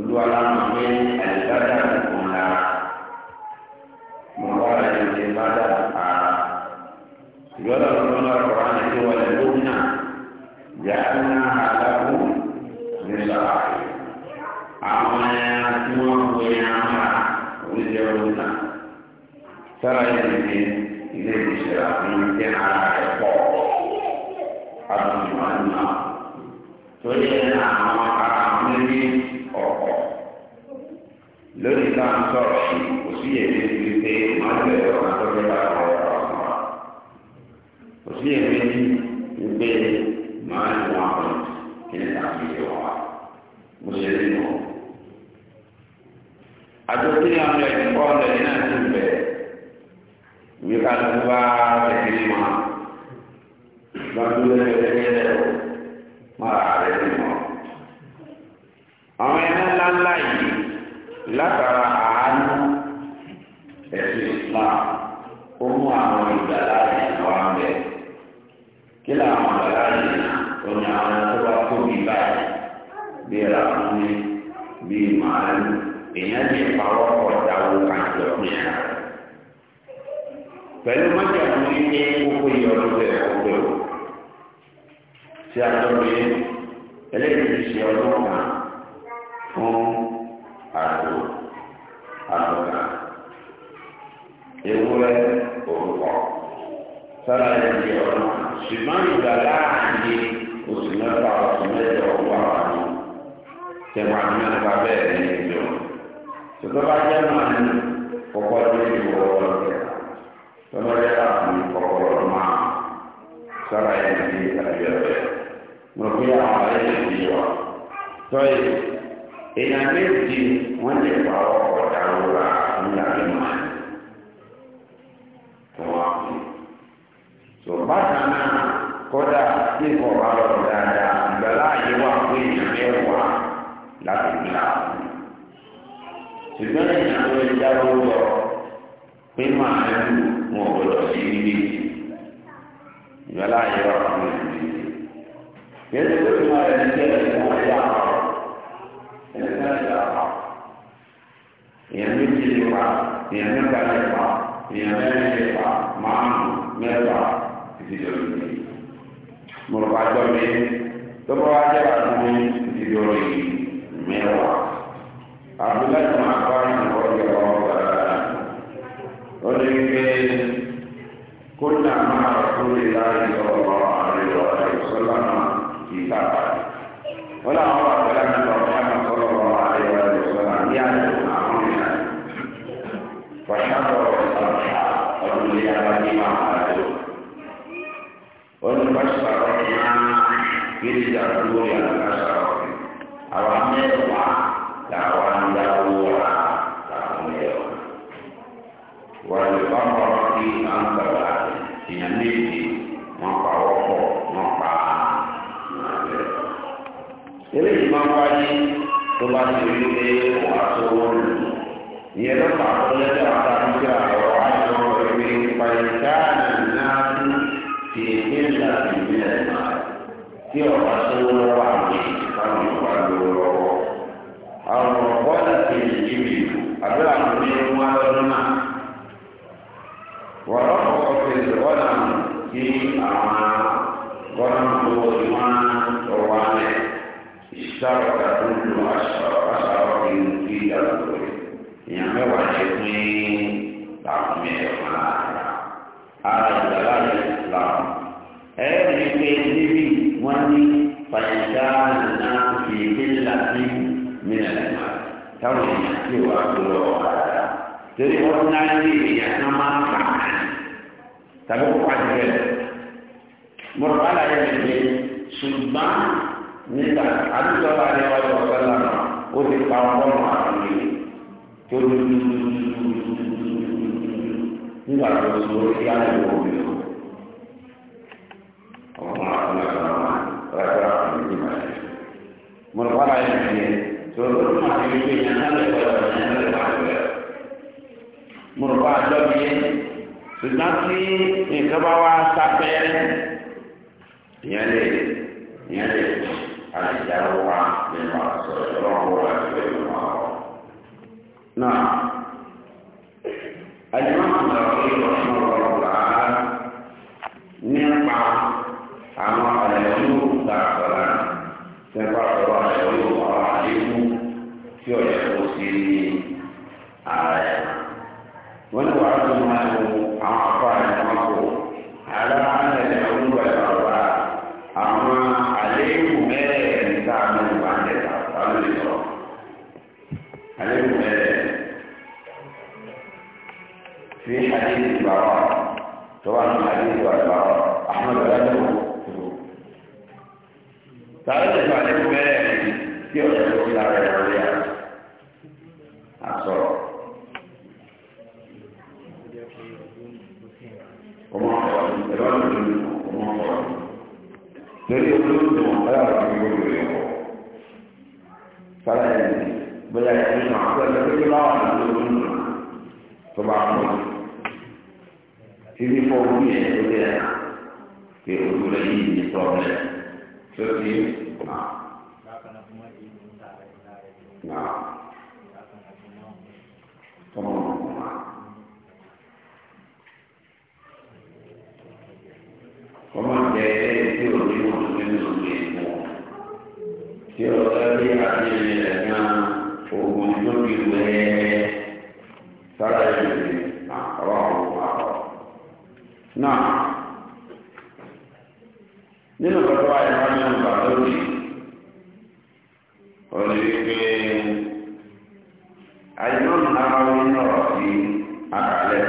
olúwa láwọn tẹ̀wá ní mẹ́ta bẹ́ẹ̀ ní ìjọ. Ṣùgbọ́n bá jẹ́ máa ní kọ́kọ́ tó ti wọ ọlọ́kẹ́. Tọ́lá yẹ ká fún kọ́kọ́rọ́ máa sára yẹn ní àbí ọ̀rẹ́. Mo fi àwọn ọ̀rẹ́ yẹn ti wà. Tọ́yì, èèyàn méjì wọ́n lè pa ọkọ̀ dárúra nígbà tí mo máa tó wá fún. Sọ bákan náà kọ́dà tí kò bá lọ dáadáa ìgbàláàyè wà fún èèyàn mẹ́wàá láti gbà. ṣùgbọ́n ẹ̀yìn àwọn ẹja lọ́wọ́ pé máa ń lù wọn gbọdọ̀ sí ilé ìgbàlá ayé wa fún mi. yẹn ti tó máa rẹ̀ ní kẹ́lẹ́ fún ọjà ẹ̀ka ẹ̀ka èèyàn méjì lè pa èèyàn mẹ́ta lè pa èèyàn mẹ́rin lè pa márùn-ún mẹ́fà ìdíjọ́ lónìí. mo rọ̀ bá gbọ́ mi tó bá wá jẹ́ àtúnwé ìdíjọ́ lónìí mẹ́wàá abúlé máa bá ìwọ yọ ọgbà ó ní pé kó nà máa kúrè láì lọ ọ̀rọ̀ àríwá ìṣọ́lá náà kì í sábà. wọ́n làwọn wà pẹ̀lú àmì ọ̀rọ̀ àmì ọ̀rọ̀ ọ̀rọ̀ àríwá ìṣọ́lá ní àjò àwọn ìlànà. fàṣàbọ̀ ìṣàlùfà ọdún ilé alájí máa wà lọ. wọ́n ní pàṣípàrọ̀ máa kiri ìjà lórí àná. èèyàn méje wọ́n pa wọ́pọ̀ wọ́n pa ààrẹ. eléyìí máa ń wáyé tó bá ti rí pé wọ́n á tó wọ́n lù ìyẹn ló fà á lẹ́jọ́ àtàkùnjẹ àrọ̀ àjọ ìwé pàyẹ̀dáàlì náà tún fi ìpínlẹ̀ àti ìpínlẹ̀ tí ọ̀pá tó lọ́wọ́ àwọn ìkàwé ìpàdé lọ́wọ́. àwọn ọ̀pọ̀ láti ìyí mi àbúrò Jadi orang nanti dia nama Tapi bukan juga mọ̀tàlá yẹn lè ṣùgbọ́n nígbà àdúgbò àti ọjọ́ ọ̀sẹ̀lá náà ó ti pa ọgọ́rùn-ún àtúnyẹ tó nígbà tó ti wọ́n ti yára ìwọ̀n mi lọ. ọkùnrin àtúnyẹ náà wà lọ́wọ́ àtúnyẹ ní ìbàdàn. mọ̀tàlá yẹn lè tó lọ́dún àti ìgbé yẹn náà lè wọ́n lọ́wọ́ yẹn lè wà lọ́wọ́. mọ̀tàlá àjọ mi yẹn ṣùgbọ́n tí nǹkan bá wá ညနေညနေအားကြောင့်ပါမြန်မာဆိုတော့ဘောရပြောမှာနော် àìmọ́nù aráwé náà fi àkàlẹ̀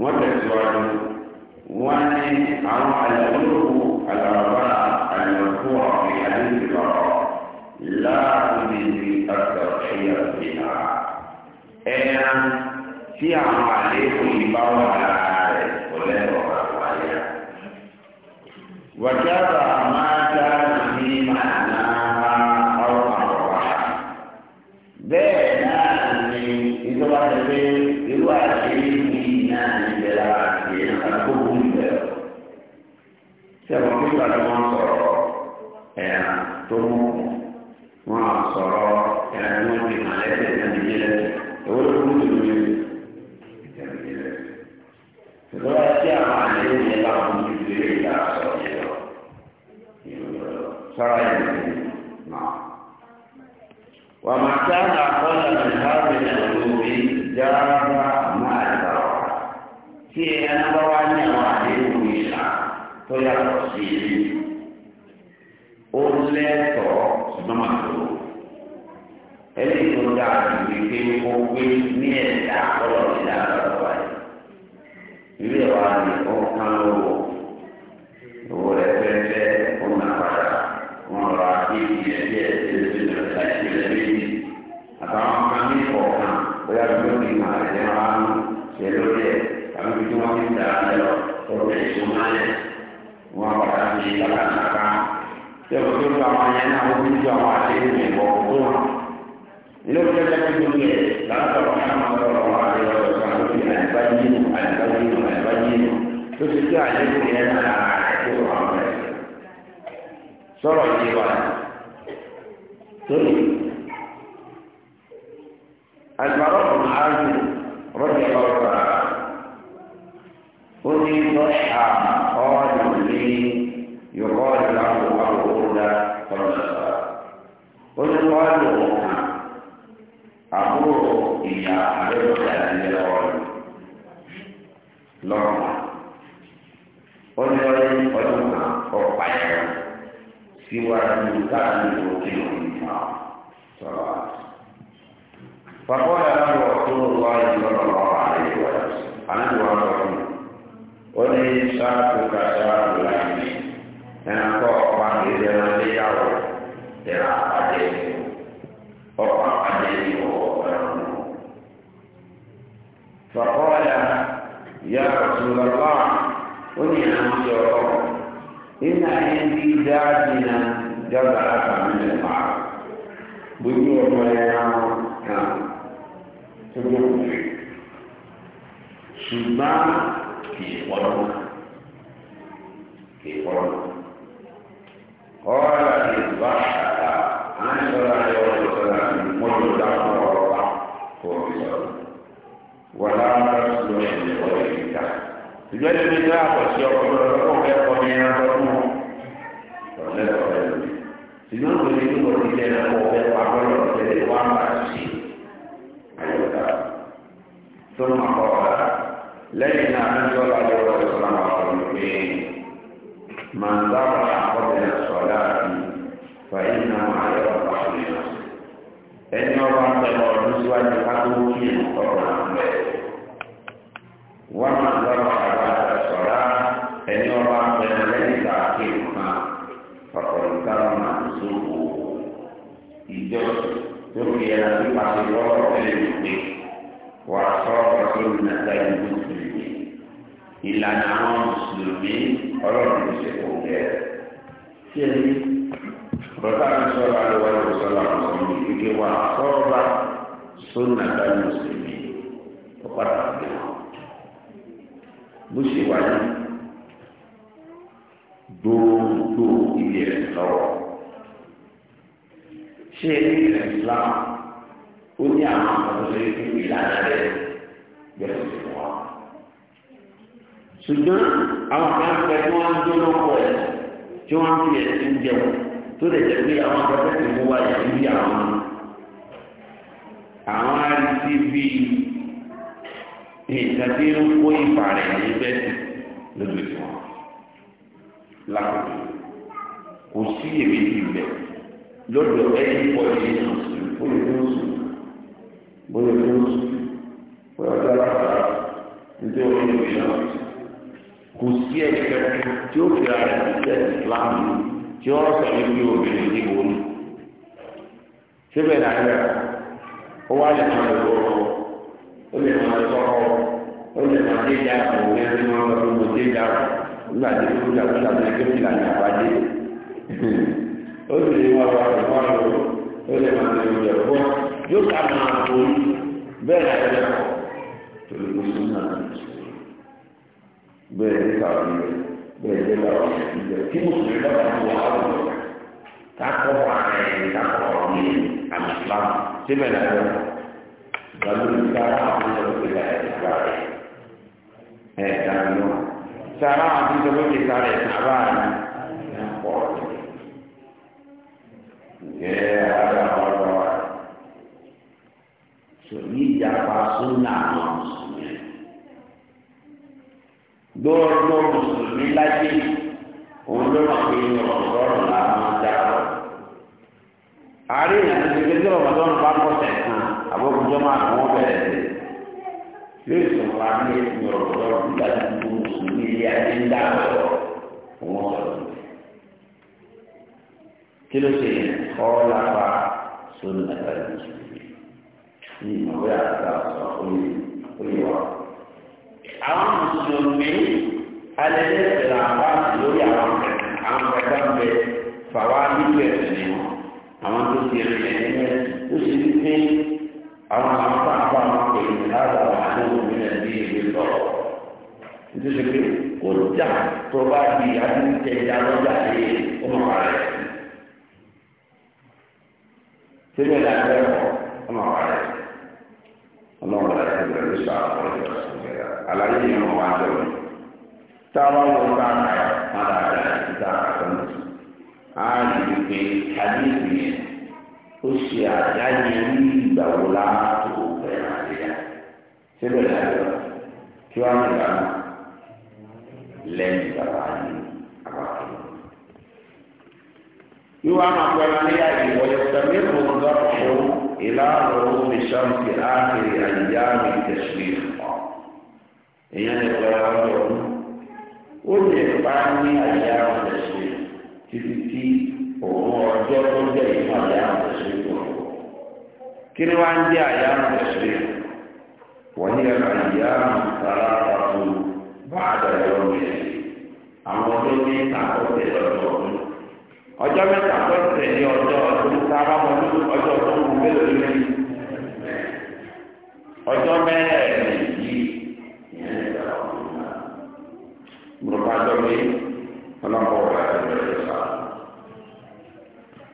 wọ́n tẹ̀síwájú wọ́n ní àwọn àyẹ̀wòlòkù àlàbà àyẹ̀wòkù ọ̀gbìn àdéhùnlọ́ láàbìlì àtọ̀ṣẹ́yà ìlà ẹ̀yà tí àwọn àlékún ìbáwọ̀ lára rẹ̀ kò lẹ́tọ̀ọ́ àwọn àyà. wàjábà todo yọ̀bọ̀ tó ju àwọn yẹn náà ó fi ju àwọn àdéhùn ìbọ̀ tó wọn. ilé ìjọba jẹ́ kí gbogbo ẹ̀ látọ̀rọ̀ sáwọn ọ̀rọ̀ àwọn àdéhùn ọ̀rọ̀ kan tó fi àìbáyélu àìbáyélu àìbáyélu tó ti tó àdéhùn yẹn náà àti ọ̀rọ̀ àwọn ẹ̀. sọ̀rọ̀ yé wa tóyè. àgbàrọ̀ ọ̀nà àrùn rọ́bì ọ̀rọ̀ ó ní lọ́ṣà. lọ́rùn ó ní ọdún ọdún kan ọ̀pá ẹ̀rọ síwájú káàdì òkè òkúta sọ̀rọ̀ فقال له رسول الله صلى الله عليه وسلم عن الوصف قل شاكك شاك لحمي أنا قوة إذا لم يعرف ترى عليه وقع عليه وقع فقال والبراء ونعم يرون إن عندي ذاتنا جرعة من المعروف بجوع ولنا كان تجوع ṣùgbọ́n kì í pọ́nmọ́ kì í pọ́nmọ́ ọ̀rọ̀ ìgbẹ́ tó ní ìgbẹ́ àkọsí ọkọ̀ lọ́dọ̀ kó fẹ́ kọ́ ní ẹranko fún un ọ̀lẹ́ ọ̀rẹ́ lórí ṣùgbọ́n kò ní kó ní jẹ́ ẹranko fẹ́ pàgọ́ lọ tẹ̀lé wá bá ṣe àyọ̀ká tó ń kọ́ ọ̀la lẹ́yìn náà ní sọ́lá ló rọ̀ sọ́lá máa wọ̀ ní pé màá dábàá àkọ́bẹ̀rẹ̀ una àti fàyín náà máa yọ ọ̀pá ọ̀lẹ́ ẹni ọba pẹ̀lú ọdún síwájú ká tó kí ọ̀rọ̀ náà bẹ̀rẹ̀ wọ́n máa dábàá ìjọ lórí ẹ̀rọ nípa ìrọ̀rọ̀ ẹlẹ́gbẹ̀ẹ́ wà sọ̀rọ̀ lórí nàgbà ìlú mùsùlùmí ìlànà àwọn mùsùlùmí ọlọ́run ti ṣe kò gẹ̀. ṣé bàbá mi sọ̀rọ̀ àlùwà ló sọ̀rọ̀ àwọn ọmọ ìgbé wà sọ̀rọ̀ sórí nàgbà mùsùlùmí ó padà gbé wọn. bó ṣe wà gbogbo ilé rẹ̀ lọ́wọ́ ṣé ilé islam ó ní àwọn àkọsílẹ̀ ìlànà rẹ̀ gbẹ̀rù sí wọn. ṣùgbọ́n àwọn kan fẹ́ kí wọ́n ń dúró pọ̀ ẹ̀ tí wọ́n fi ẹ̀sìn jẹun tó lè jẹ́ pé àwọn akẹ́kọ̀ọ́ ti mú wáyà níbi àwọn àwọn arísí bíi nǹkan tí ń kó ìfà rẹ̀ ní bẹ́ẹ̀sì lójú lákòókò kò sí èmi ti bẹ̀rẹ̀ lọ́dọ̀ ẹni pọ̀jù nínú bóyá tó ń sùn bóyá tó ń sùn bóyá tó ń sùn nítorí wọn ní ìlú náà kò sí ẹ̀kẹ́ tí ó fi ara rẹ̀ sí ìsìláàmù tí ó sọ ní bí obìnrin ní ìwò ni síbẹ̀ náírà ó wá lè máa lọ ó lè máa sọ̀rọ̀ ó lè máa dé ìjà àwọn ẹgbẹ́ tí wọ́n lọ fún mo ìjà nígbà tí ó dàgbà tó dàgbà tó dàgbà tó dàgbà tó dàgbà ó sì lè máa wà pẹ̀lú àlọ́ ó lè máa lè yẹ kó yóò ká máa borí bẹ́ẹ̀ ni ẹ̀rọ torí kó sún náà bẹ́ẹ̀ ní kàwé bẹ́ẹ̀ ní kàwé ìgbẹ́ tí mo sì lè bá wà wà lọ kakọ wà ẹ̀yìn kakọ ọ̀mí àmì islam síbẹ̀ náà lọ gbàgbé ìgbàlá àwọn ọmọ ìgbà ìgbà rẹ̀ ẹ̀ dàgbé náà sàrà àti ìjọba ìgbà rẹ̀ sàrà àti. Yeah, ada orang-orang. So, ini japa sunnah muslimin. Dua-dua muslimin lagi. Untuk makin orang-orang lama jauh. Hari yang dikit Ramadan bakal setan. Apa kejama kamu berarti. Yesus kami orang-orang tidak muslimin yang indah. Kamu kí ló ṣe kọ́lá pa sórí nàìjíríà mùsùlùmí ní ìmọ̀wé àgbà sọ orí orí wa. àwọn mùsùlùmí alẹ́ ìṣẹ̀lẹ̀ àwọn lórí àwọn àwọn kẹta ń bẹ fàwa nígbà ẹ̀sìn ni wọn àwọn tó ti rìn ẹ̀yìn ẹ̀ tó ṣe ní pé àwọn àwọn àpá àwọn pẹ̀lú ìdáàbò àwọn òmìnira ní ìwé sọ̀rọ̀ nítorí pé kò dà tó bá di adúlùtẹ̀ ìdálọ́jà lé ọmọ rẹ̀. táwa wọ bá ka padà dà síta àtọ́nù á lè pe àdéhùn yẹn ó ṣe àdáyé ní ìgbà wo la tó o bẹ̀rẹ̀ àdéhà síbẹ̀ láyọ̀ kí wọ́n á gbà lẹ́yìn bàbá yìí àbáfẹ́. Yíwá máa pẹ́ máa ní àyè wọlé tẹ̀lé ìrọ̀lọ́dọ́ fún ìlànà omi sọ́ọ̀tì áàkiri àyíyá mi tẹ̀sí ìfọ̀. Ìyẹn lè pẹ́ wọ́n lọ ó lè bá ní àyà ọ̀sẹ̀ ṣe títí tí òun ọjọ́ tó jẹ́ ìmọ̀ àyà ọ̀sẹ̀ ṣe pọ̀. kí ni wọ́n á ń jẹ́ àyà ọ̀sẹ̀ ṣe? wọ́n ní ẹ̀ka ìyá àmàtàrà àtàkùn bá àdàlẹ́ ọ̀gbìn àwọn tó ní àkọsẹ̀ lọ́dọ̀ ọdún. ọjọ́ mẹ́ta tó tẹ̀lé ọjọ́ ọdún sábà mọ́ ọjọ́ ọdún mú mélòó ní ọjọ́ mẹ́rẹ̀ẹ̀rin àtọ́gbé ọlọ́pọ̀ wà láti bẹ̀rẹ̀ sá.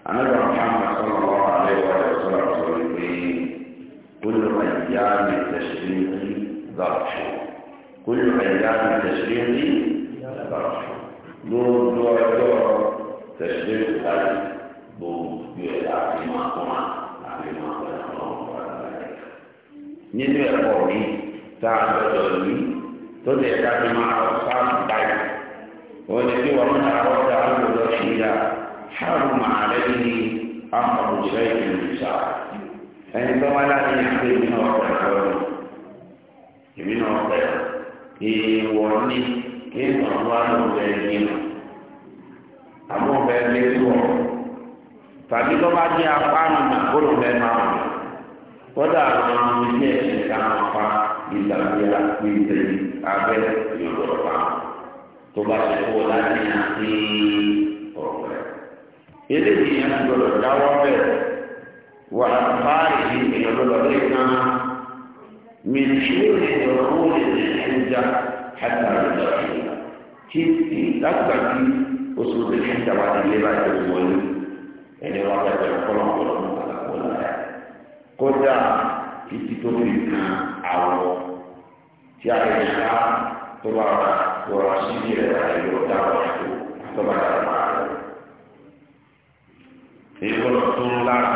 Àlejò Muhammad sọ̀rọ̀ lọ́wọ́ àlejò ọ̀rẹ́ sọ̀rọ̀ sọ̀rọ̀ wípé kúlù ẹ̀yà ní tẹ̀síríkì dọ̀tù. Kúlù Quello che tẹ̀síríkì dọ̀tù. Gbogbo ọjọ́ tẹ̀síríkì láti gbogbo ẹ̀ láti máa kọ́ máa láti máa kọ́ ẹ̀ lọ́wọ́ nínú ẹ̀kọ́ mi tá a gbọ́dọ̀ ní tó lè dájú máa rọ̀ sáàmù. والذي ومن أراد عنه رشيدا حرم عليه أمر شيء من شعر عندما لا يحضر من وقت الحوالي من وقت ìwọ̀nì kí ìtọ̀wá ló bẹ̀ yìí àmọ́ bẹ̀ lé wọ̀ tàbí tó bá jẹ́ apárùn nàkóró bẹ̀ máa wọ̀ kódà àwọn ọmọ ilé ẹ̀sìn kan pa ìlàgbéra pé ìtẹ̀lé abẹ́ yóò lọ́ọ́ tó bá ti kó láti yàn sí ọ̀pẹ. eléyìí yẹn ti gbọdọ̀ dáwọ́ bẹ́ẹ̀ wà fáàrí yìí èèyàn gbọdọ̀ lè kan mìtìlì ìdọ̀kú lè ní ìjà hàtà ìdọ̀kú títí lágbàdì oṣù tó ti ń dàgbà ní ilé báyìí tó wọlé ẹni wọn bẹ bẹ̀rẹ̀ kọlọ kọlọ ní náà kódà títí tó fi kan àwọ tí a lè ṣá tó bá wà wọ́n sì bí rẹ̀ ayé wọ́n dá wọn tó tó bá dá wọn àárọ̀. èyí lọ tó ń lára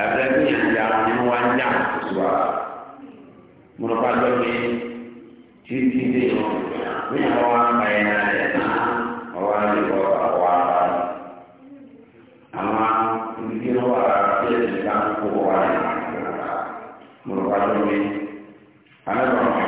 ẹ̀rẹ́ ní ìyá nínú wa ń yá oṣù wa. mo lọ bá gbọ́ pé títí dé ìwọ̀n ní àwọn àgbà ẹ̀ náà ẹ̀ náà ọwọ́ àlè wọ́n àwọn àbá rẹ̀. àwọn ìdílé wà lára pé ìdílé kó wà ní àwọn mo bá gbọ́ pé alẹ́ wọn.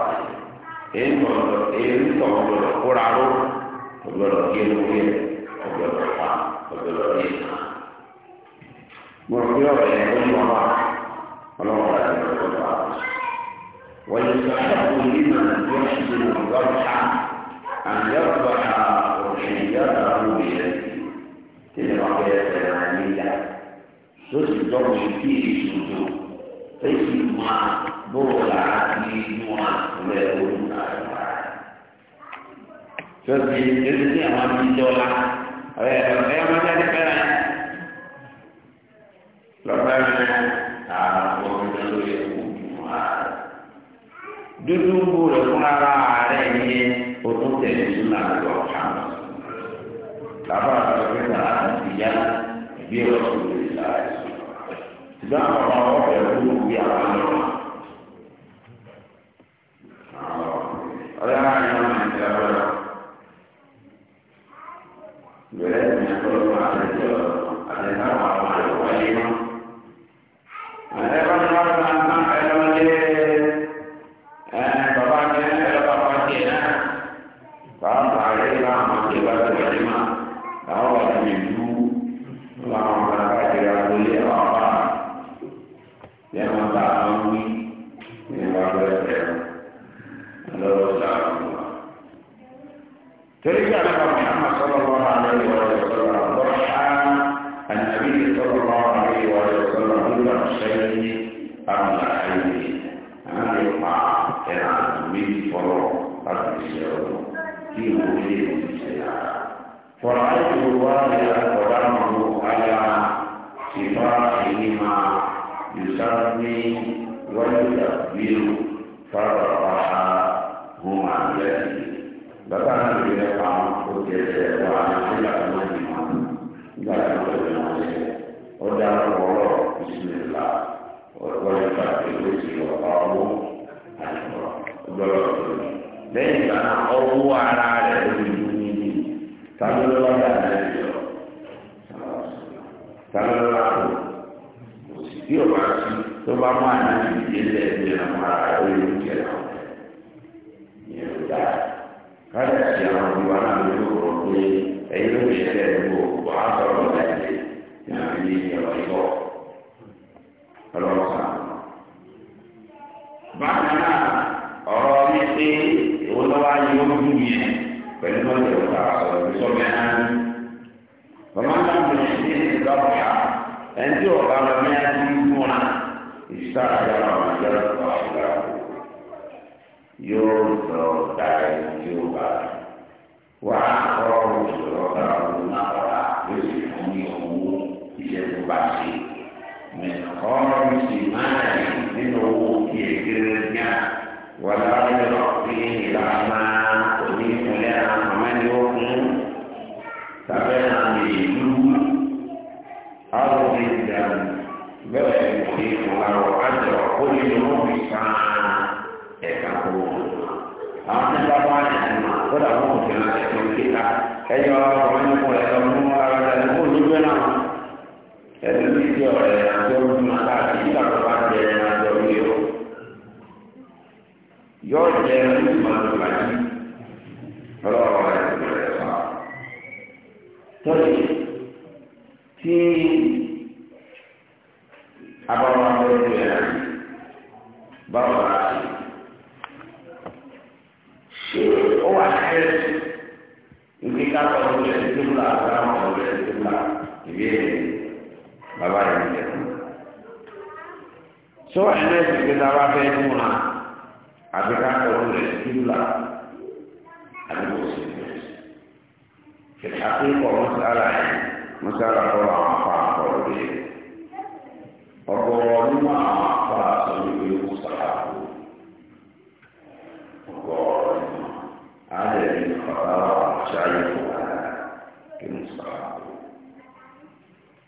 èyí ń tọ̀wọ́ èyí ń tọ̀wọ́ gbọdọ̀ kóra ró gbọdọ̀ kí ẹnu kí ẹ gbọdọ̀ pa gbọdọ̀ kí ẹ. mo rò pé ọ̀rọ̀ yẹn ló ń wá wá ọlọ́wọ́ rẹ̀ ló ń wá wá. wọ́n yẹ kí ọ̀rọ̀ kò ní ìmọ̀ ní ọ̀ṣun ní ọ̀gá àmì ọ̀gbà òṣèlú yàtọ̀ àwọn obìnrin tí ní wọ́n fẹ́ ẹ̀rọ níyà lóṣù tó ń fi kí èyí ṣùgbọ́n èyí máa bóòlù àti ìmúra rẹ̀ lórí àgbà. Sọ́sì èdè ní àwọn àti ìjọba ọ̀rẹ́ ọ̀rẹ́ ọmọdé àti fẹ́ràn. Lọ́pẹ́ rẹ̀ àwọn ọmọdé lórí ẹ̀kú ìmúra rẹ̀. Dúdú bóòlù fún ara rẹ̀ ní ọdún tẹ̀lé nínú àgbà ọ̀hán. Bàbá àti ọ̀gbẹ́ta àti ìyá bí ọ̀sùn lè láàyè. Ṣùgbọ́n àwọn ọmọ ọ̀rẹ́ ọ̀gbẹ́ àwọn ọmọ Yes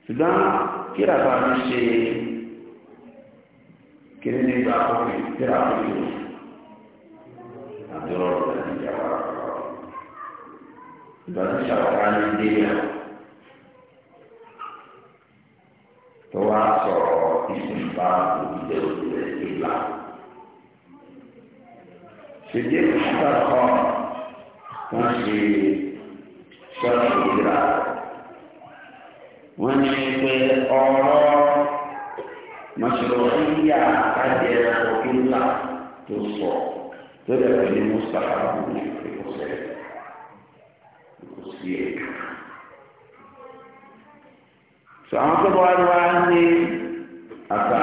ṣùgbọ́n kíra bá mi ṣe kiri ní ìgbà kọfí kíra bá mi lò àdúrà ọ̀gá ní ìjàmbá ìgbà tó ṣàwárá ní ìdílé tó wá sọ̀rọ̀ ìsìnká òbílẹ̀ òbílẹ̀ ìlà ṣèjì ìṣàkọ́ wọn ṣe sọ́ọ̀tù ìlà wọ́n ní pé ọ̀rọ̀ mọ̀ṣọ̀rọ̀yà kájẹ ọ̀kíńlá tó sọ tó dẹ̀ pẹ̀lú mustapha ní ìkọsẹ̀ ìkọsí ẹ̀. sọ àwọn tó bá wá ní àtà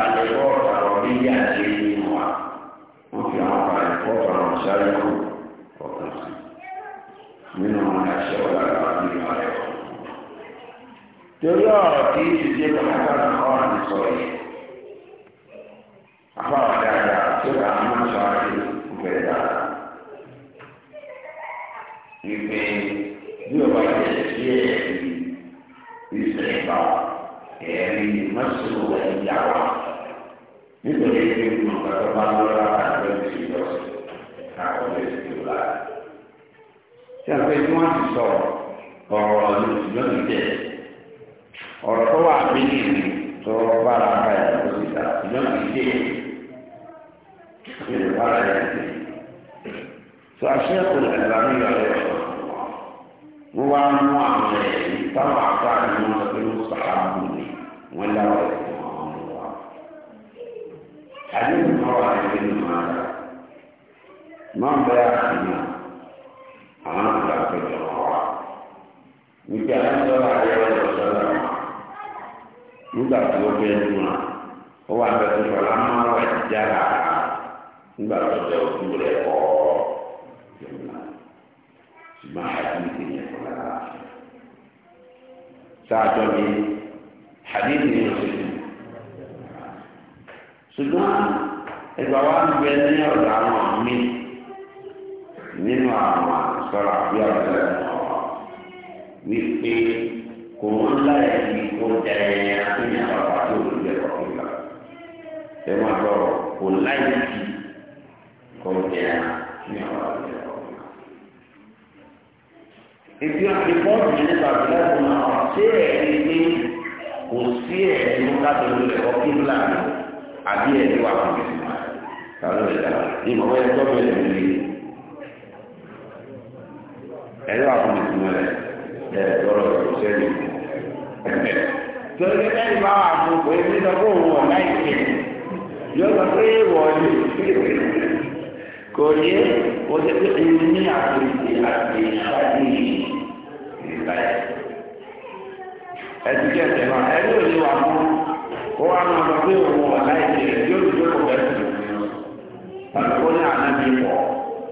torí ọ̀rọ̀ tí ìdíje kọ́nàkọ́nà kọ́ àti sọ yìí afọ àdáyà tó kà á máa sọ àti ìgbẹ́ dà wípé bí o bá yẹ sí ẹ̀rí ìsèǹbà ẹ̀rí mọ́sùlù ẹ̀yà wa nítorí pé nǹkan tó bá lọ́wọ́ àti ẹ̀rí ìjọsìn àwọn ẹ̀rí ìjọba. Ṣé àpẹẹrẹ tí wọ́n ti sọ ọ̀rọ̀ lónìí tẹ̀? ọ̀rọ̀ tó wà bíi tó bára bá yà lọ sí ta ìjọ kìí dé ìlú bára yà dé. tó aṣẹ́ ìpínlẹ̀ ìlànà ìyàwó wọ́n wá mú àwọn ẹ̀rí táwọn àgbà ni wọ́n fi ń sàlámù ni wọ́n láwọn ẹ̀rí wọn mú wa. àdéhùn náà wà ní ìlú máa rà máa ń bẹ́ẹ̀ àkànnà àwọn àgbà pẹ̀lú ọ̀rọ̀ wa. nígbà tó ń sọ̀rọ̀ àyẹ̀wò nígbà tí ó bẹ dùn à ó wà bẹ tó fọlá má wà jára nígbà tó bẹ ojú rẹ kọ jẹmúlá ṣùgbọ́n àdìsí yẹn kọ lára sáájọ mi àdìsí yẹn ṣe tù wa ń ní ọ̀dọ̀ àwọn mi nínú àwọn sọ̀rọ̀ àbí àbẹ̀rẹ̀ wípé kumula ikut hatinya orang Rasul dia berkata saya mahu kulai kumula ini orang itu yang dipot ini bagilah guna asyik ini usia ini muka dulu kumula adi ini waktu kalau tidak ini mahu yang kau beli ini Ẹ̀rọ àkùnrin ìtumọ̀ rẹ̀ ẹ̀ lọ́rọ̀ ìṣẹ́yìn torí ẹni bá wà fún pé ní sọ òun ọ̀la ìkẹ́ yóò sọ pé èèwọ̀ ni kò yé o ti pé ẹni ní àpèjì àti ìṣáájú yìí nígbà yẹn. ẹtù jẹ́ ìṣẹ̀lá ẹni ò ní wà fún ó wà máa sọ pé òun ọ̀la ìkẹ́ yóò ti jókòó bẹ́ẹ̀ sí tàbí kó ní ànábi pọ̀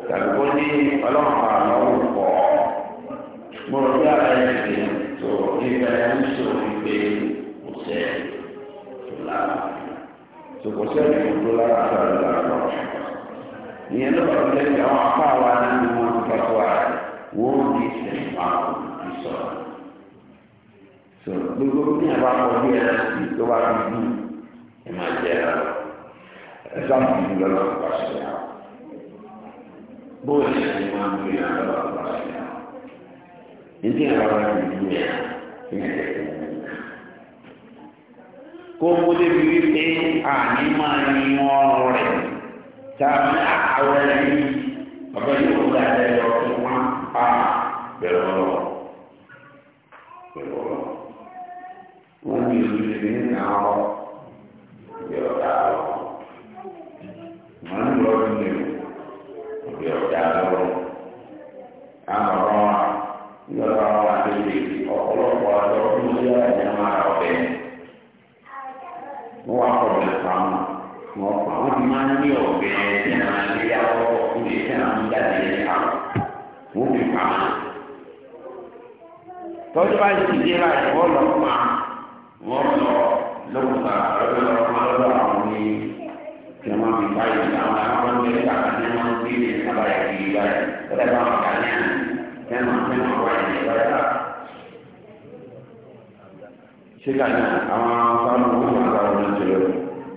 tàbí kó ní ọlọ́pàá lọ́wọ́ pọ̀ mo rò bí ara yẹn ti dé tó nígbà yà ń sọ wípé kò sẹ́ tó lára tó kò sẹ́ tó tó lára àtàrà lára lọ. ìyẹn ló bàtà lẹ́yìn àwọn afá wa nínú wọn tó bàtà wà wọ́n ní sẹ̀fà ìsọ̀rọ̀. tó gbogbo ní àbá kọ bí ẹ̀ sí tó bá fi dùn ẹ̀ máa jẹ́ ẹ̀ lọ. ẹ̀ sáà fi dùn lọ́wọ́ pàṣẹ. bóyá ẹ̀ máa ń gbé ẹ̀ lọ́wọ́ pàṣẹ. ìdí àwọn ìlú yẹn ìṣẹ̀lẹ̀ ndị kó débi wípé àní máa ní ọrùn rẹ̀ ọrụ àwọn ẹni ọ̀bẹ yóò gba ẹ̀rọ fún wa á bẹ̀rẹ̀ ọ̀rọ̀ bẹ̀rẹ̀ ọ̀rọ̀ wọ́n tọ́jú bá ti dé báyìí lọ fún wa wọ́n lọ lókùnà lọ́dọ̀ lọ fún wa lọ́dọ̀ àwọn ní kí wọ́n fi báyìí ní àwọn àwọn ọmọ ìgbà àti wọn ń gbé ní ìjọba yẹn kiri báyìí lọ́dọ̀ bá wọn kà ní àná kẹ́nu kẹ́nu wà ní ìjọba yẹn. ṣé kà ní àwọn sáwọn ọmọ ìgbà àwọn ọmọ ìjọba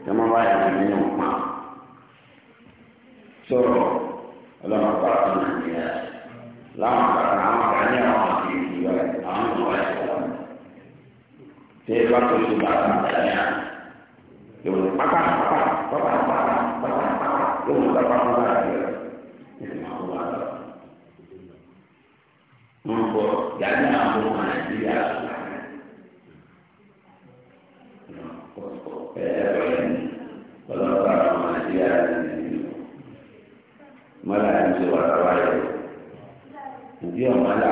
yẹn wọ́n bá yà wọ́n nínú pa sọ̀rọ̀ ọlọ́run pa Jadi waktu sudah matanya, jom apa apa apa apa apa apa, jom apa apa lagi. Ini mahu apa? Mampu jadi mampu ya, mana eh, dia? Malah yang sewa terbaik. Dia malah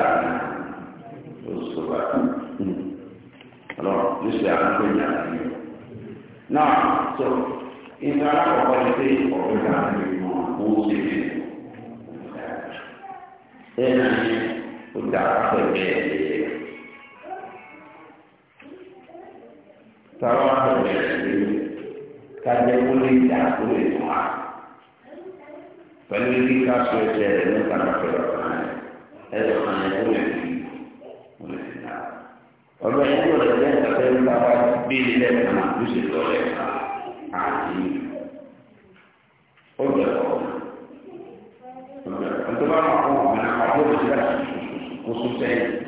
náà tó ìgbà alákọ̀ọ́kọ́ ni pé ọ̀pọ̀ ìgbà àti ìmọ̀ owó ṣe fi ẹ̀ náà ní ó dà pẹ̀lú ẹ̀ tọ́lọ́ tó bẹ̀rẹ̀ sí kájẹ́ kó lè dà kó lè mọ́ a pẹ̀lú kíkà sọ ẹsẹ̀ rẹ̀ nípa lọ́pẹ̀lọpẹ̀ ẹ̀sọ̀ kan ẹ̀kọ́ lè ọdún ẹni tó tẹ̀lé ẹ̀fẹ́ nípa wá bí ilé ẹ̀ka ló ṣe lọ rẹ̀ àti ọjà ọ̀rọ̀ ọjà ọ̀rọ̀ tó bá wà fún ọ̀gbìn àpapọ̀ òṣìṣẹ́ kó sún sẹ́yìn.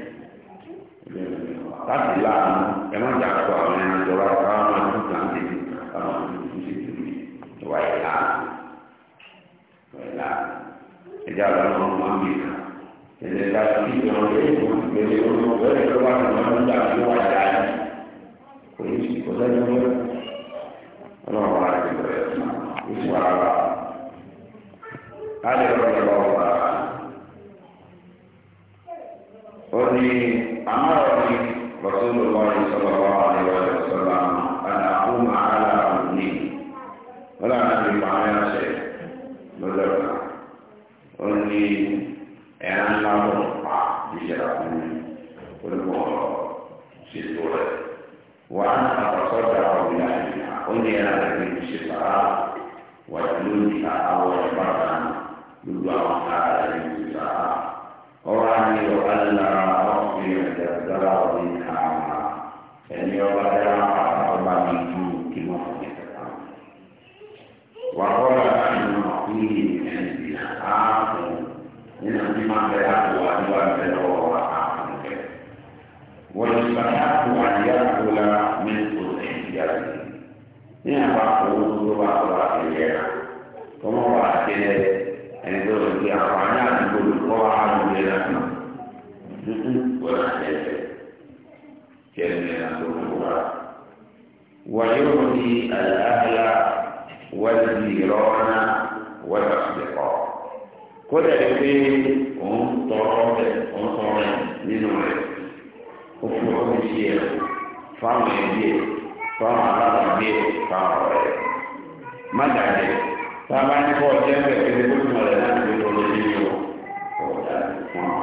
na ebe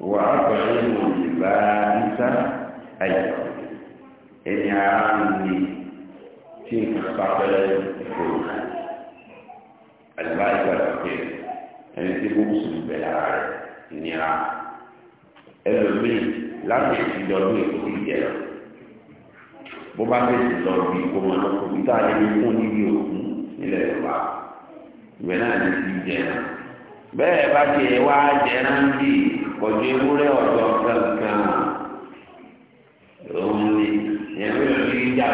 Wa ala a yaụ شيء مستقبل الكون الملك الفقير ẹni tí kò sùn bẹ̀rẹ̀ ara rẹ̀ ìnira ẹlòmíì láti ìdílé ọdún èkó ìjẹ lọ bó bá tẹ̀sí lọ bí ọmọ náà kò ní táà lẹ́nu fún níbi òkun nílẹ̀ yorùbá ìwẹ̀ náà ní ti jẹ náà bẹ́ẹ̀ bá ti ẹ̀ wá jẹ náà ń bì ewúrẹ́ ọ̀dọ́ kankan òun ni ìyẹn ló yọ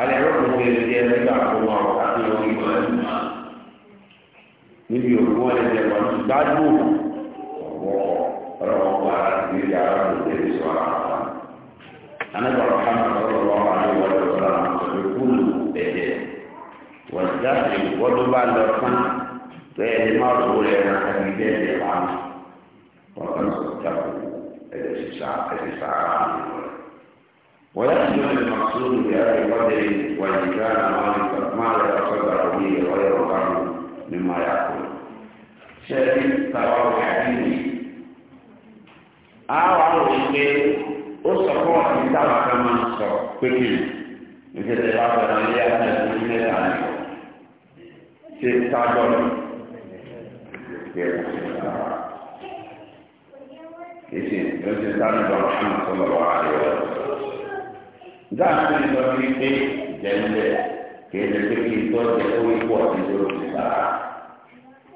alẹ́ ẹ̀rọ kò tẹ̀ ẹ̀ ẹ̀ nígbà tó wà ó láti lọ sí ìwọ̀n ẹ̀sìn máa níbi òkú wọn lè jẹ pẹ̀lú gbájú ọ̀wọ́ ọ̀rọ̀ ọ̀gbà àti ìyá ọ̀rọ̀ ìdílé sọ ara wọn. anábọ̀ ọ̀hánà sọ̀rọ̀ lọ́wọ́ àdéhùn ọ̀rọ̀ sọ̀rọ̀ àwọn ọ̀rọ̀ kúlù ẹ̀jẹ̀ wọ́n jáde wọ́dún bá lọ fún bẹ́ẹ̀ ni má tó rẹ̀ ẹ̀ ẹ̀mí bẹ́ẹ̀ lè wá. wọ́n kàn sọ̀rọ̀ jáde ẹ̀jẹ̀ sísá ẹ̀jẹ̀ sára àwọn ọ̀rọ̀ ويحمل المقصود بهذا وضع وإن كان ما يتصدر به غير الأرض مما يأكل شيء تراه حكيم أو آه، على الشيء أصبحوا في سبعة كمان كتير مثل الأرض العملية أن المسلمين تعلموا شيء تعجبني كيف يسين يسين تعلموا محمد صلى الله عليه وسلم dáhùn ní sọ fún mi pé ìjẹ́nulẹ̀ kì í ṣe pé kí n tó jẹ owó ipò ọ̀sìn tó ti sára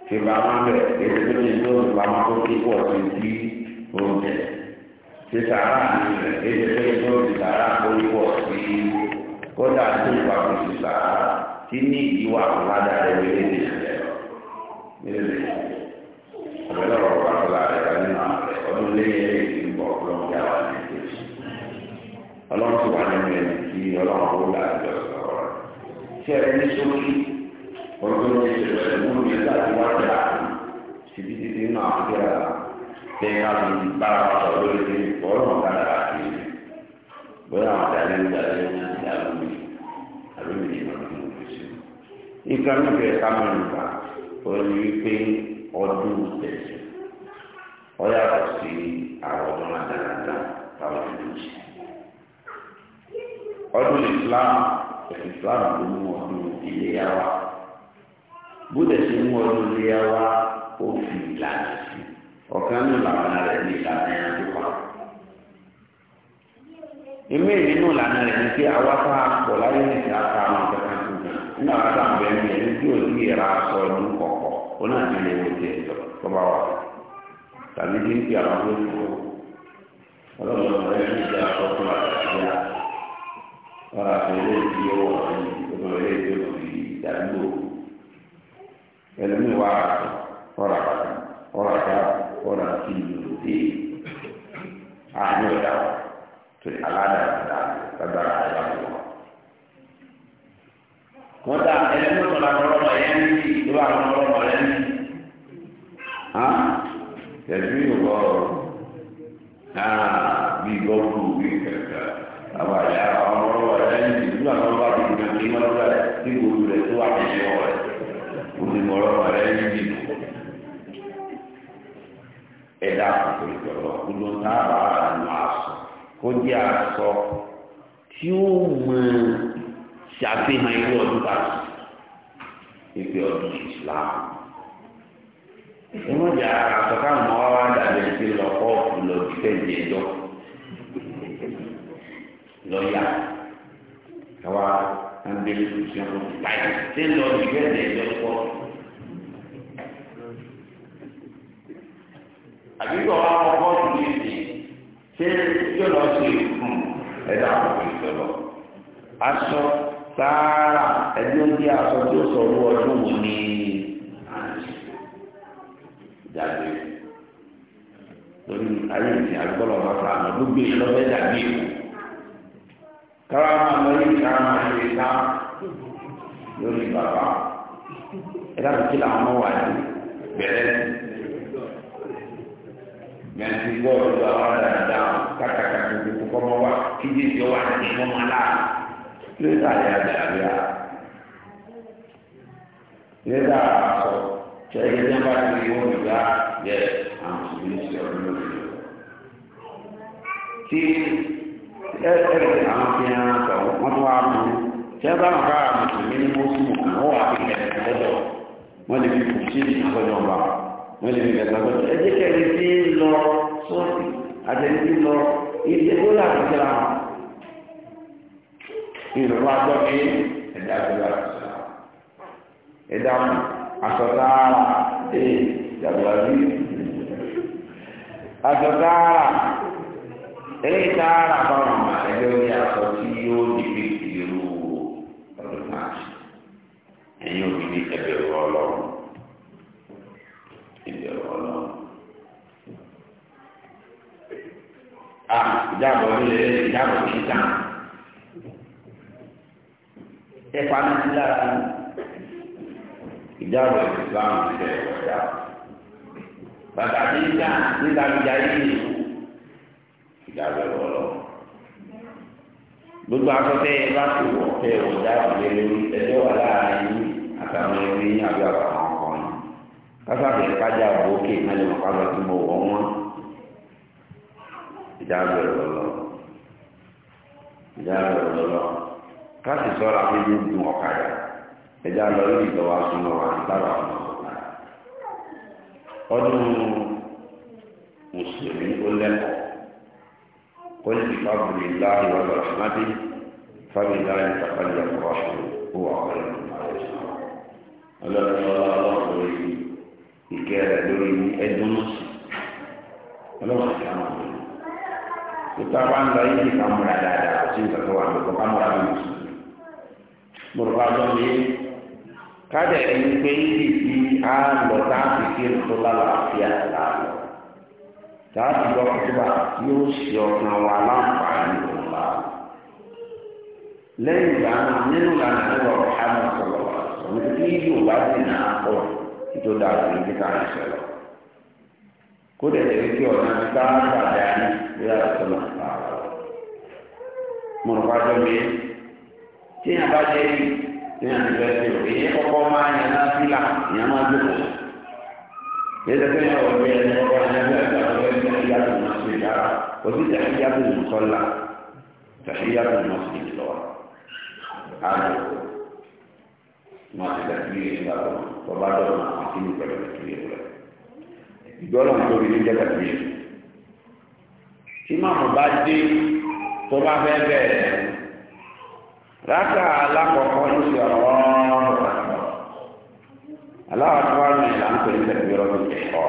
ṣe bá wọn bẹ̀ kì í ṣe pé kí n tó bá wọn tó ti ipò ọ̀sìn tí ó ń jẹ ṣe sàrà ní rẹ̀ kì í ṣe pé kí n tó ti sàrà owó ipò ọ̀sìn kódà tó ìwà kò ti sàrà tí ní ìwà ọ̀làdà rẹ̀ wílé ní ìṣẹ̀lẹ̀ lọ nílé ọ̀bẹ̀ lọ́rọ̀ wà lọ́la rẹ̀ nínú àwọn ọdún lé ọlọ́run ti wà nínú ẹni tí ọlọ́run ó là ń jọ sọ̀rọ̀ rẹ̀. ṣé ẹ ní sókè ọdún ní ìṣẹ̀lẹ̀ mú mi láti wá tẹ̀ àkùn síbi títí nínú àwọn tó yàrá tẹ àwọn ìbára wa sọ lórí pé ọlọ́run ká dàgbà sí i bóyá àwọn àdáyé ń darí ní àlùmí àlùmí ní ìmọ̀ nínú ìṣẹ̀. nǹkan níbẹ̀ ká mọ̀ nípa òní wípé ọdún tẹ̀sí ọ yàtọ̀ sí àwọn ọdún àdáyé náà táwọn ìlú ṣe. ọdún Islam ẹ̀sìn Islam ló mú ọdún ya wa bóde ṣe mú ọdún ya wa ó fi ìlànà sí ọ̀kan nínú ìlànà rẹ̀ ní ìlànà ẹ̀yàn tó pa. ìmí nínú ìlànà rẹ̀ ni pé àwa pọ̀ láyé ní àwọn tó gbà tí aṣọ ọdún kọ̀ọ̀kọ̀ ó náà ti wọn àti ilé tí ó wọ ní ìgbésọ ilé tí ó fi dàgbò ẹlòmíì wà ọ̀rọ̀ àpàtà ọ̀rọ̀ àpá ọ̀rọ̀ àti ìlòdì àánú ọ̀dà tó aládàá lágbára àyàwó wọn dà ẹlẹ́nu tó làwọn ọlọ́mọ yẹn ní ìlú àwọn ọlọ́mọ yẹn ní tẹ̀sí ìwọ náà bí gbọ́kú bí kẹ̀kẹ́ àwọn àyà ọmọ ní mọ́tò rẹ̀ ní gbogbo rẹ̀ tó wà ní ìwọ̀ rẹ̀ òní mọ̀rọ̀ rẹ̀ ní bí. ẹ̀dá àkókò ìjọba kúló ń tábà àánú aṣọ kó jẹ́ aṣọ tí ó mọ ṣàfihàn irú ọdún báyìí ìpè ọdún Islam ìmọ̀jà aṣọ káwọn ọmọ wa dàbí ẹni tí lọ́kọ́ lọ bí fẹ́ẹ̀dì ẹjọ́ lọ́yà káwá an bɛ solution ko ba ye se lɔ bi de lɔ kɔ a bi kɔ awo kɔ tuli si se yɔlɔ si kun ɛdá a kò sọ̀rọ̀ aṣọ sáárà ẹdí ó di aṣọ tí ó sọ̀rọ̀ ọdún wò ní dàbí lórí ayé ìsìn àgbọ̀lọ̀ ọ̀rọ̀ àmọ́ gbogbo ìlọ́fẹ́ dàbí ìlú karama lórí karama lórí ta lórí bàbá ẹ̀dá kí làwọn ọmọ wà ní bẹ̀rẹ̀ mẹ̀tì bọ́ọ̀lù àwọn àdàdà kàkàkà gbogbo kọ́kọ́ mọ́ wa kí jíjí ọwọ́ àti ìmọ̀ máa là lórí ta lè àgbà àbíyá lórí ta ní bá ti rí wọn gbà yẹ àwọn ìṣòro ìṣòro lórí tí ẹ̀ẹ́dẹ̀rẹ̀ àwọn fi hàn sọ̀rọ̀ wọ́n tún wá mú tí ẹ bá ń bá mùsùlùmí ní mọ́sùmù kan wọ́n wà fi kẹ̀kẹ́ lọ́dọ̀ wọ́n lè fi kùsí ìkọjọ ọba wọ́n lè fi kẹ̀kẹ́ lọ́dọ̀ ẹ jẹ́ kẹ́ni tí ń lọ sọ́ọ̀sì àtẹni tí ń lọ ilé ó là ń jẹra wọn. ìrọ̀lọ́ mi ẹ̀dá ìjọba ẹ̀dá àsọ̀tà ẹ̀ ìjàgbá rí àsọ̀tà eléyìí tá a rà fáwọn ọmọ ẹgbẹ́ orí aṣọ tí yóò di bí irú ọdún náà ẹ̀yin òbí ní ẹbẹ̀rù ọlọ́run ẹbẹ̀rù ọlọ́run. a ìjábọ̀ ilé ìjábọ̀ kíkà ẹ̀fọ́ àmì sí lára ìjábọ̀ ìsìlámù ṣe ẹ̀wọ̀ dá bàtà kíkà nígbà gíga yìí. ìdájọ́ lọ́wọ́ gbogbo akọ́tẹ́ yẹn bá ti wọ̀ tẹ́ ọ̀ dáàbò lé ẹjọ́ wà láàrin àtàwọn ẹbí àbí àtàwọn ọkọ yín kájà bókè náà mọ̀ kájọ tí mo wọ̀ káàsì lọ lórí ọdún mùsùlùmí ó قل بفضل الله وبرحمته فبذلك فليفرحوا هو خير مما يجمعون ọlọ́run ọlọ́run lórí ìkẹ́ rẹ̀ lórí ẹdùnú sí ọlọ́run àti àwọn ọmọ rẹ̀ tòtá bá ń lọ yìí ká múra dáadáa kò sí nǹkan tó wà lọ́kọ́ ká múra lọ́wọ́ sí i mo rò bá gbọ́ mi kájà ẹni pé yìí ti á lọ tá a fi kí n tó lálàáfíà lálọ́ láti gbọ́ kútúbà yóò ṣe ọkàn wa láǹfààní ọ̀la. lẹ́yìn ìgbà náà nínú ìlànà ìlú ọ̀rọ̀ hàmà sọ̀rọ̀ wa sọ̀rọ̀ kí yóò bá sì náà pọ̀ tó dáa sí ibi ká ń sọ̀rọ̀. kó dẹ̀ lè ọ̀nà bá ní ìlú mo wájú mi tí yàrá bá yìí tí yàrá ti bẹ́ẹ̀ sí kọ́kọ́ máa yàn يتكلم عن تحيات المسجد وفي تحيات المصلى تحيات المسجد هذا ما تكبير وبعد ما أعطيني كلا تكبير ìgbọ́ràn tó rí níjẹ́ tàbí ẹ̀. tí màmú bá dé tó bá fẹ́ bẹ̀rẹ̀ rákà alákọ̀ọ́kọ́ ló ṣe ọ̀rọ̀ aláwọ̀ tó wá ní ìlànà pẹ̀lú tẹ̀kùyọ́rọ́ ní ẹ̀kọ́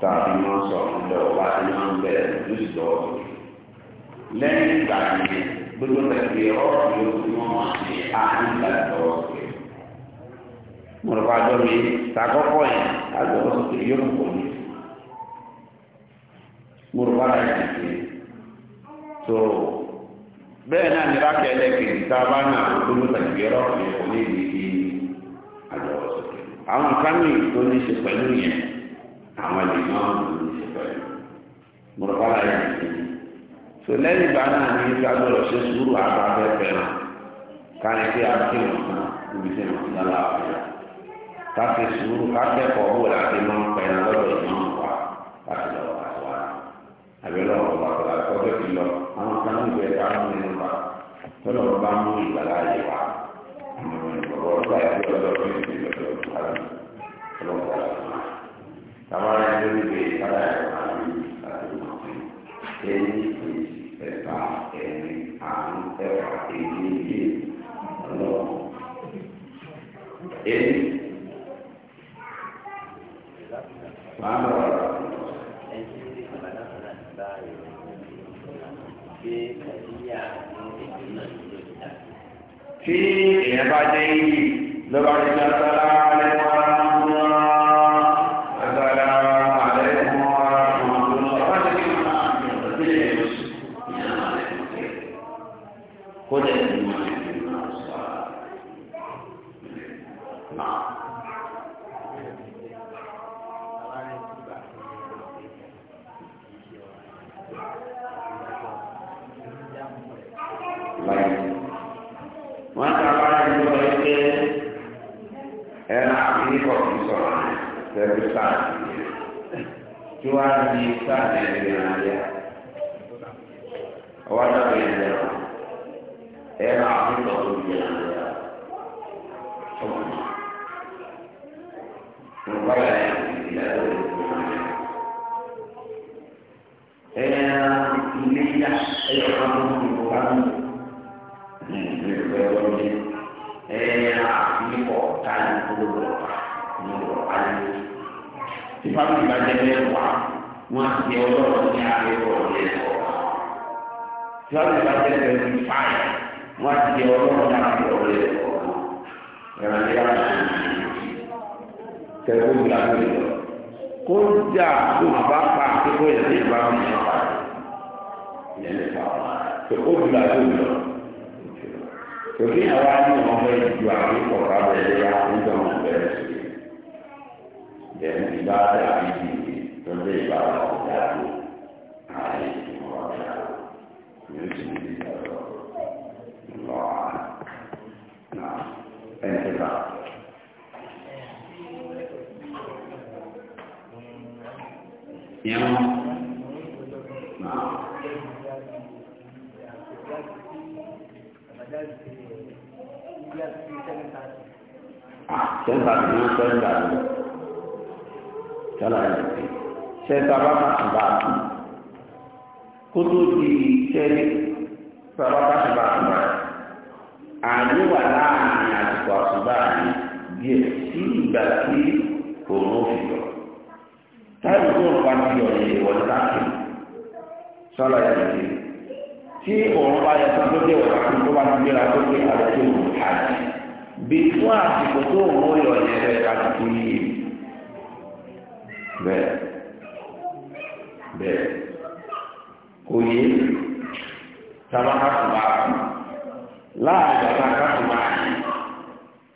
tá a fi máa ń sọ ọ̀dọ̀ ọba tí máa ń bẹ̀rẹ̀ lóṣù lọ́wọ́ tó lẹ́yìn ìgbà yẹn gbogbo tẹ̀kùyọ́rọ́ yóò fi wọ́n máa ṣe àárín ìgbà lọ́wọ́ tó mo rọ̀ fájọ́ mi tàkọ́kọ́ yẹn àgbẹ̀wò sókè yóò kò ní mo rọ̀ fára yẹn tó bẹ́ẹ̀ náà ní bá kẹ́lẹ́ kejì tá a bá ní àkókò gbogbo tẹ̀kùyọ́rọ́ yóò kò ní ìdí àjọwọ́ àwọn kánú tó ní ṣe pẹ̀lú yẹn àwọn ènìyàn tó ní ṣe pẹ̀lú mọ̀rọ̀kọ́lá yẹn ti di. sọ lẹ́yìn ìgbà náà ní ká gbọ́dọ̀ ṣe sùúrù àbáfẹ́ fẹ́ràn káyọ̀ pé a kí wọn kan níbi tí wọn ti lọ́la ọ̀rẹ́ ká ṣe sùúrù ká kẹ́kọ̀ọ́ bó láti máa ń pẹ̀lú lọ́dọ̀ ìmọ̀ wa láti lọ́wọ́ àti wa àbẹ̀lọ́ ọ̀gbà kọ́lá ti lọ àwọn kánú ìgbẹ́ tí èèyàn bá dé lọ́wọ́ àti ìjà sára rẹ̀. è facile. Giovanni sta nelle ma wọ́n ti ọlọ́run ní àlejò ọ̀rẹ́ ẹ̀kọ́. tí wọ́n lè bá tẹ̀sẹ̀ ní fáì wọ́n ti ọlọ́run ní àlejò ọ̀rẹ́ ẹ̀kọ́. ẹ̀rọ ní àwọn tẹ̀wé gbìlá lórí con kó dà tó máa bá pa àkókò yẹn ní ìbámu ní ọ̀pá ilẹ̀ lè pa ọ̀ tó kó gbìlá lórí lọ. òkè àwa ní wọn fẹ́ ju àwọn ìkọ̀ọ̀ká bẹ̀rẹ̀ yá nígbà wọn bẹ̀rẹ̀ sí i. bẹ̀rẹ̀ ìbára àbí ìdí ìtọ́jú ìbára. ìrún náà. sẹ́ńtà tí wọ́n sẹ́ńtà ní sẹ́ńtà ní sẹ́ńtà bá má ti bá a tù kó tó di sẹ́ńtà bá má ti bá a tù bá a àní wà láàrin àsìkò àsùbá yìí díẹ̀ sí ìgbà tí òun ò fi lọ táyì tó ń pàmì ọ̀yẹ̀ ìwọ̀n káàkiri sọ́lá yẹn ti tí òun bá yẹ sọ́dọ́ dé wọ̀ káàkiri tó bá ti gbéra tó gbé àlọ́ tó ń hajj bí fún àsìkò tó ń mú ìrọ̀lẹ́ rẹ̀ káàkiri yìí bẹ́ẹ̀ bẹ́ẹ̀ kò yé sábà kásùmá láàyè sábà kásùmá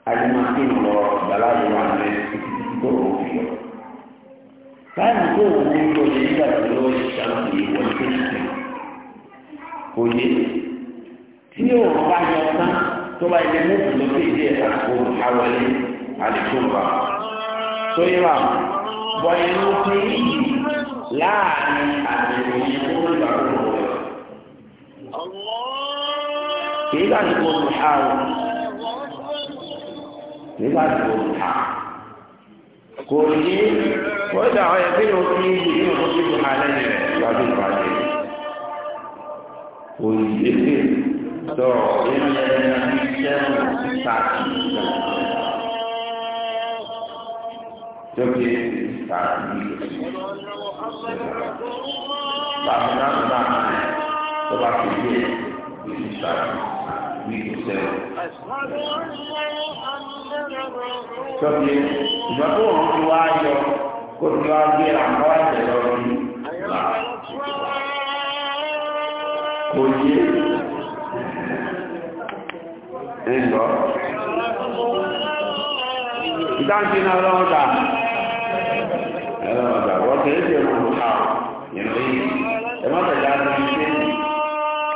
àyè máa ń lọ gbàlá yìí wà ní títí tó yọ táìmù tó wù ní kò ní ìgbà tí ó ṣàmù ìwọ tó ṣe kò yé tí ó bá yọ tán tó bá yẹ mú kùn lókè díẹ̀ àpò àwọlé àlìkùnbà tó yẹ wà bọyẹ ló pé yìí láàrin àtẹ̀wò yẹn tó ń gbà kó wọ̀ kì í bá ti kó tó ṣáà kì í bá ti kó tó ṣáà kò ní kódà ọyẹ pé yóò fi ìlú yóò tó fi bùhá lẹ́yìn rẹ̀ lọ́dún ìpàdé kò yé pé tọ ilẹ̀ sẹ́wọ̀n tààtì tókè tààtì bàbá náà tó bá fi yé tààtì week of seven. sọ́bi ìgbà tó wọ́n ti wá yọ kó ti wá gbé àwọn àjẹ lọ rí bá kò yé ẹ lọ. ìdáǹtì náà lọ́wọ́ dà ẹ lọ́wọ́ dà wọ́n kéré tí ẹ mọ̀ ọ́ yẹn lóyún ẹ má tẹ̀lé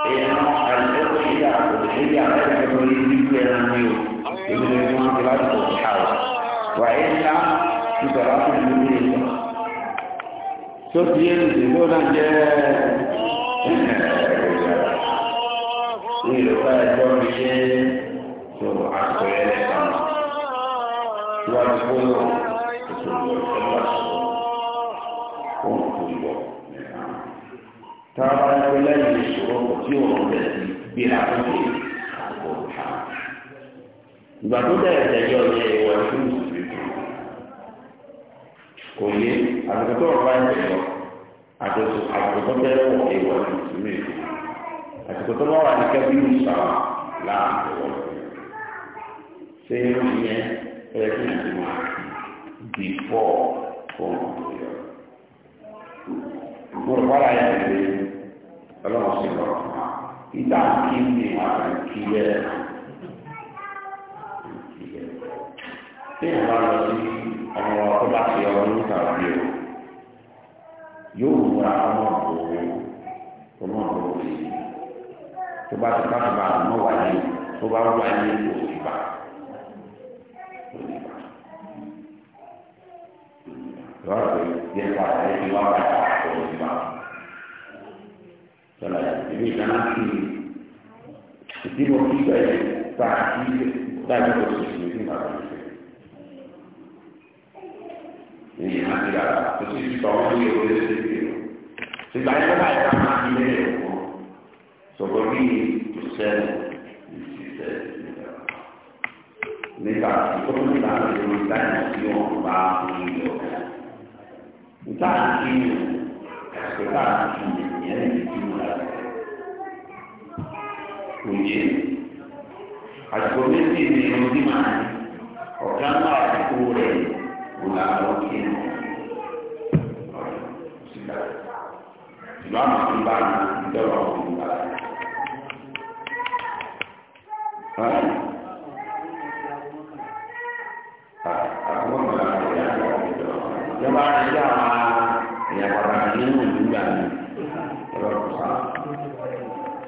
èèyàn àlùkò ìyá àkókò ìyá o èmi lè fi wọn o wà á yẹ ká ìgbà láti fi lórí rẹ lọ. tó ti yé ní ìdìbò náà jẹ́ ní ìlú báyìí gbọ́ mi yé tó àpẹẹrẹ lẹ́sàn-án tí wàá táwọn bá ń lọ lẹ́yìn ìṣòro kò tí ò rọ̀ bẹ̀rẹ̀ sí bí àkókò àgọ́ ha. ìgbà tó bẹ̀rẹ̀ tẹ̀yọ yẹ ìwọ ẹ̀fún mùsùlùmí kò yé àtúntò tó ọ̀rọ̀ bá ń tẹ̀yọ àtúntò àtúntò bẹ̀rẹ̀ wọ̀ ìwọ ẹ̀fún mùsùlùmí tó bá wà ní kẹ́bí ìṣàwà láàbò ṣé ìyẹn ẹ̀rẹ́ kí before fún ọ̀rọ̀ yọ mo rò wọ́n ọlọ́run sì lọ́rọ̀ fún wa ìdá kí ni àwọn kí bẹ́ẹ̀ tí wọ́n lọ sí ọmọ tó bá ti ọmọ ní tàbí o yóò múra ọmọ òwò ọmọ òwò yìí tó bá ti káfí bá ọmọ wáyé tó bá wáyé òwò bá. Lọ́rọ̀ yẹn pa ẹ̀ ti wá bàtà. sọ̀rọ̀ ìlú ìdáná sí i ìdí mo fi bẹ̀rẹ̀ bá a kí dájú tó sì sí ní ìgbà tó ṣe. Èyí máa ti yàrá tó sì sọ wọn ní ìwé ṣe ṣe o. Ṣègbà yẹn bá ìta máa fi lé ẹ̀kọ́. Sọ̀rọ̀ bí ìṣẹ́ ìṣiṣẹ́ nígbà tí in tún nígbà tó ń dáná sí wọn bá a fi lé ọ̀gá. Ìta kò yé àsìkò méjì ni irun bí màá ní ọ̀gá náà àsìkò rẹ̀ kò là lọ kí ni ìlú àmọ̀ tó bá ní ìjọba òkú bá rẹ̀.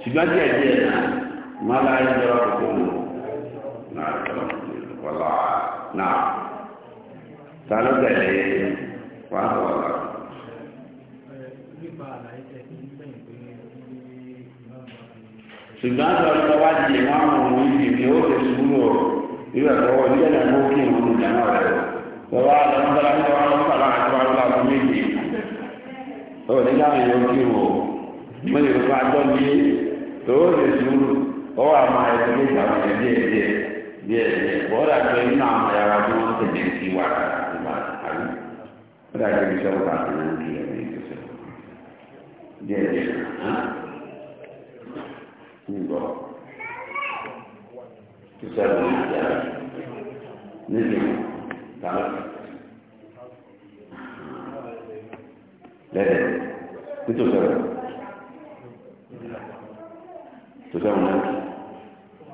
ṣùgbọ́n díẹ̀ díẹ̀ ما لا يجرؤكم نعم والله نعم تعالوا دليل وهو الله ṣùgbọ́n àti ọ̀rọ̀ wá di ìwọ̀n àwọn ọmọ ìdí ni ó ti ṣubú lò ìwé ẹ̀kọ́ wọ ní ẹ̀dá tó kí ìwọ̀n ìjà náà rẹ̀ lọ́wọ́ àtàwọn tó láti wọ́n lọ́wọ́ àtàwọn àti wọ́n lọ́wọ́ ó kí wọ́n mo lè fún adọ́ ní tó ó ti ọwọ́ àmà ẹ̀sìn ní ìgbà wọn ebe díẹ̀ ebe díẹ̀ bọ́ọ̀dà jọ nínú àwọn ayára tí wọ́n tẹ̀lé ń kí wà nígbà àrí bọ́ọ̀dà jọ ibi sọ́wọ́ kan tẹ̀lé ń kí ẹ̀ ní ìgbésẹ̀ díẹ̀ díẹ̀ nígbà tí sẹ́wọ̀n ní ìgbà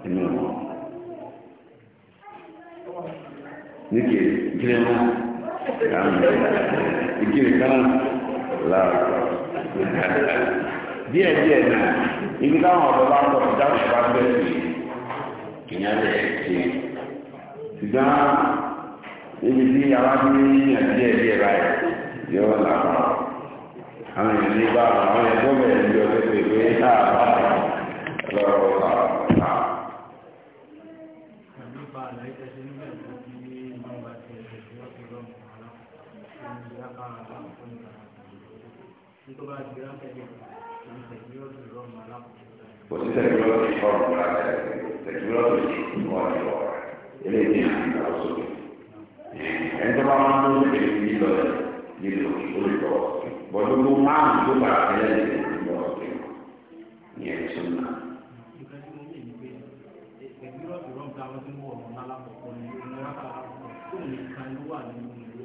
inú wọn. Níkè ìkíni mọ́, àmì kan láàbọ̀. Díẹ̀ díẹ̀ náà, ibi táwọn ọ̀dọ́ bá pọ̀ sí dáhùn bá bẹ̀rẹ̀ sí Ṣùgbọ́n ibi tí ní báyìí yóò àwọn ènìyàn bá àwọn ẹgbẹ́ ní ọjọ́ pé pé àbá lọ́wọ́ fara àwọn fún ìgbà nítorí bá ti rántẹ̀ yẹn ìtẹ̀júrọ̀ ti rọ̀ mọ́ alákòóso. kò sí tẹ̀júrọ̀ ti rọ̀ mọ́ alákòóso tẹ̀júrọ̀ ti rọ̀ mọ́ alákòóso eléyìí ti fi ìgbà sókè ẹni tó bá máa ń lóṣù tó ti lọ nílò olùkọ́ bọ́dún tó máa ń tó bá tẹ́lẹ̀ nílò olùkọ́ ìyẹn ti sún náà. Ìgbàgbọ́ ìrọ̀mù táwọn tí mo wọ̀ mọ́ alákọ̀ọ́kọ́ ni ìrọ̀mù alákọ̀ọ́kọ́ tó nìkan ló wà nínú ìlú.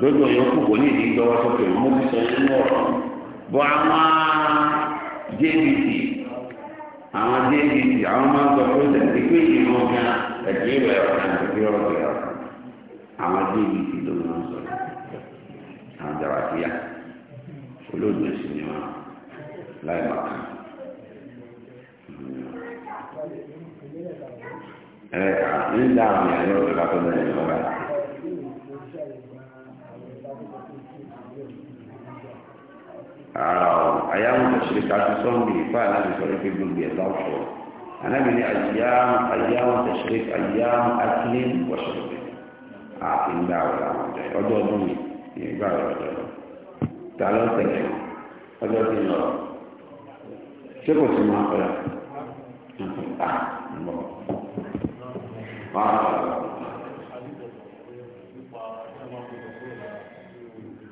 lójú ọ̀yọ́ kù kò ní ìdí gbọ́wọ́ sókè mo ti sọ nínú ọ̀rọ̀ bọ́ àwọn jbt àwọn jbt àwọn máa ń sọ pé ṣe pé ìmọ̀ gan ẹ̀jẹ̀ ìwẹ̀ ọ̀kan ìpínlẹ̀ ọ̀gbẹ̀ ọ̀kan àwọn jbt ló máa ń sọ àwọn jàwàtíyà olóògbé sì ni wọn láì máa kàn. ẹ̀ka nígbà àwọn ìyàwó ìbátan náà ní ọba yìí. أيام تشريكات الصوم بإفاء النبي صلى الله عليه وسلم أنا من أيام أيام تشريك أيام أكل وشرب أعطين دعوة أدوى دوني يبقى تعالوا تكلم أدوى دوني شكو سمع قرأ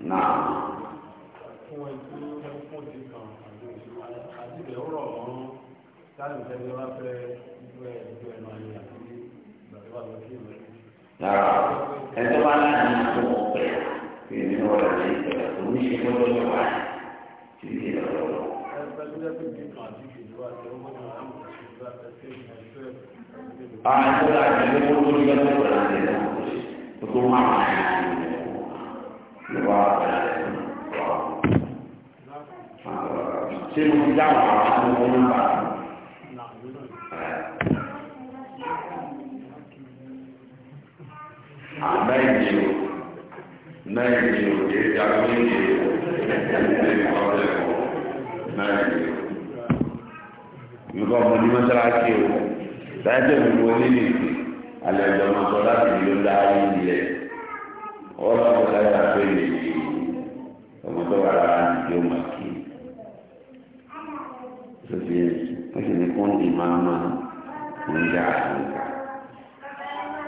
نعم táyọ̀ tẹ́lẹ̀ wá fẹ́ ìgbẹ́ ìgbẹ́ ẹ̀nà ayé àti ìgbàlẹ́wà lọ sí è un ẹjọ́ bá láàrin àwọn ọmọ pẹ̀ kí ni wọ́n rà ní ìpẹ̀lẹ̀ tó ní ṣe kó lọ́jọ́ wá sí ìdí ìrọ̀lọ́. Àwọn ẹgbẹ́ láti ní kó tó yẹ kó rà ní ìlú ọ̀sẹ̀ tó tó máa wà ní ìlú ọ̀sẹ̀. Ṣé mo ti dáhùn àwọn ọmọ náà? àmẹ́yìn ah, o mẹ́yìn o kì í ṣe agbóyè o ṣe ìkọ́lẹ̀ o mẹ́yìn o. nǹkan ọmọ ní mọ́ṣáláṣí o sáyẹ́tẹ̀ mi wo nílì alẹ́ ọjọ́ máa sọ láti ìlú ńlá ayé ilẹ̀ ọ̀rọ̀ àwọn ní ìdí ọmọ ní kún ìmáàmá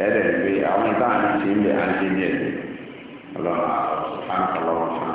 အဲ့ဒါပြီးအောင်တာအချင်းချင်းအချင်းချင်းဘုရားဆံတော်ဆံ